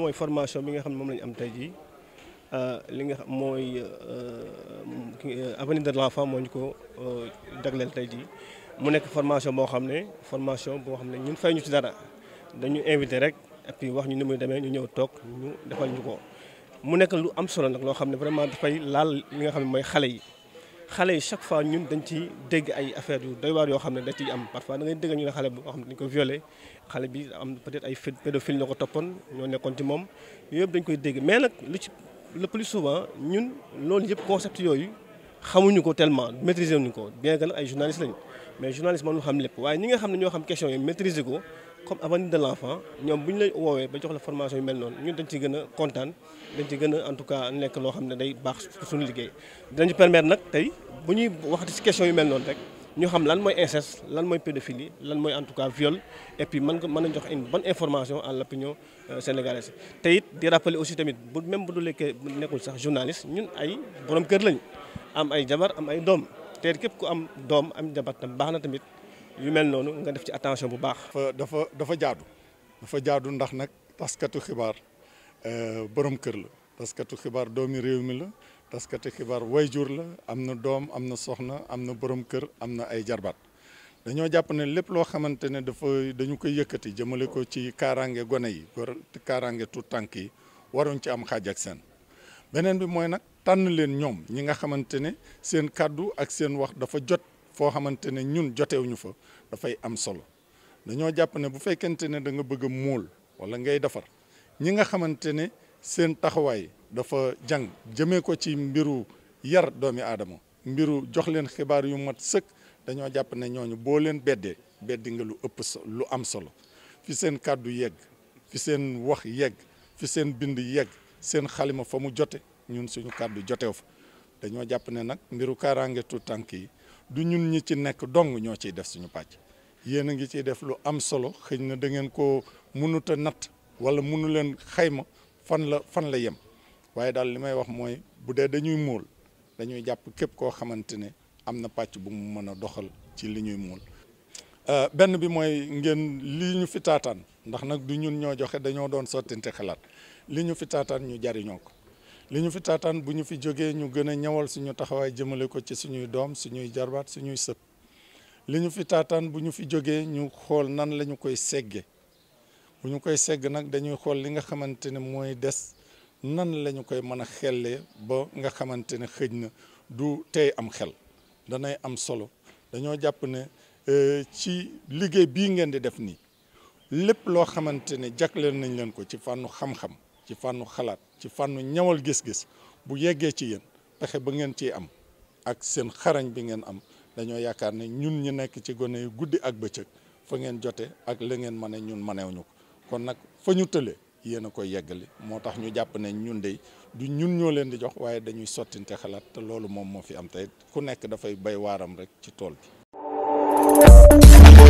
mooy formation bi nga xam ne moom la ñu am tey jii euh, li nga xam mooy euh, avenir de l'enfant moo ñu ko euh, jagleel tey jii mu nekk formation boo xam ne formation boo xam ne ñu fay ñu ci dara dañu invité rek et puis wax ñu ni muy demee ñu ñëw toog ñu defal ñu ko mu nekk lu am solo nag loo xam ne vraiment dafay laal li nga xam ne mooy xale yi. xale chaque fois ñun dañ ci dégg ay affaire yu doy war yo xamné da ci am parfois da ngay dégg ñu xalé xale xamné ko violé xale bi am peut-être ay pédophile ñoo topon ñoo nekkon ci mom yooyu yëpp dañ koy dégg mais nak lu ci le plus souvent ñun loolu yëpp concept yoyu xamuñu ko tellement maîtriser ñu ko bien que ay journalistes lañu mais journaliste mënul xam lepp waye ñi nga xamné ñoo xam question yi maîtriser ko comme avant de l'enfant ñom buñ lay wowe ba jox la formation yu mel non ñun dañ ci gëna contane dañ ci gëna en tout cas nek lo xam ne day bax suñu liggéey dinañu permettre nak tay buñuy ñuy waxati ci question yu mel non rek ñu xam lan moy ss lan moy pédophilie lan moy en tout cas viol et puis man ko jox une bonne information à l'opinion euh, sénégalaise tay it di rappeler aussi tamit bu même bu du lekkee nekkul sax journaliste ñun ay borom kër lañ am ay jabar am ay dom, te képp ku am dom am jabar tam baxna tamit yu mel noonu nga def ci attention bu baax. fa dafa dafa jaadu dafa jaadu ndax nag taskatu xibaar euh, borom kër la taskatu xibaar doomi réew mi la taskatu xibaar wayjur la am na doom am na soxna am na borom kër am na ay jarbaat dañoo jàpp ne lépp loo xamante ne dafa dañu koy yëkkati jëmale ko ci kaaraange gone yi war kaaraange tuut tànk yi waroon ci am xaaj ak seen beneen bi mooy nag tànn leen ñoom ñi nga xamante ne seen kàddu ak seen wax dafa jot. foo xamante ne ñun jotewuñu fa dafay am solo dañoo jàpp ne bu fekkente ne da nga bëgg a móol wala ngay defar ñi nga xamante ne seen taxawaay dafa jàng jëmee ko ci mbiru yar doomi aadama mbiru jox leen xibaar yu mat sëkk dañoo jàpp ne ñooñu boo leen beddee beddi lu ëpp lu am solo fi seen kàddu yegg fi seen wax yegg fi seen bind yegg seen xalima fa mu jote ñun suñu kàddu jotew fa dañoo jàpp ne nag mbiru kaaraange tànk yi du ñun ñi ci nekk dong ñoo ciy def suñu pàcc yéen a ngi ciy def lu am solo xëy na dangeen ngeen ko mënut a natt wala mënu leen xayma fan la fan la yem waaye daal li may wax mooy bu dee dañuy móol dañuy jàpp képp koo xamante ne am na pàcc bu mu mën a doxal ci li ñuy móol euh, benn bi mooy ngeen li ñu fi taataan ndax nag du ñun ñoo joxe dañoo doon sottinte xalaat li ñu fi taataan ñu jariñoo ko li ñu fi taataan bu ñu fi jógee ñu gën a ñawal suñu taxawaay jëmale ko ci suñuy doom suñuy jarbaat suñuy sët li ñu fi taataan bu ñu fi jógee ñu xool nan la ñu koy seggee bu ñu koy segg nag dañuy xool li nga xamante ne mooy des nan la ñu koy mën a xellee ba nga xamante ne xëj na du tey am xel danay am solo dañoo jàpp ne euh, ci liggéey bii ngeen di def nii lépp loo xamante ne jagleel nañ leen ko ci fànnu xam-xam ci fànnu xalaat ci fànnu ñawal gis-gis bu yeggee ci yéen pexe ba ngeen ciy am ak seen xarañ bi ngeen am dañoo yaakaar ne ñun ñu nekk ci gone yu guddi ak bëccëg fa ngeen jote ak la ngeen ma ne ñun manewuñu ko kon nag fa ñu tële yéen a koy yeggali moo tax ñu jàpp ne ñun de du ñun ñoo leen di jox waaye dañuy sottinte xalaat te loolu moom moo fi am tey ku nekk dafay bay waaram rek ci tool bi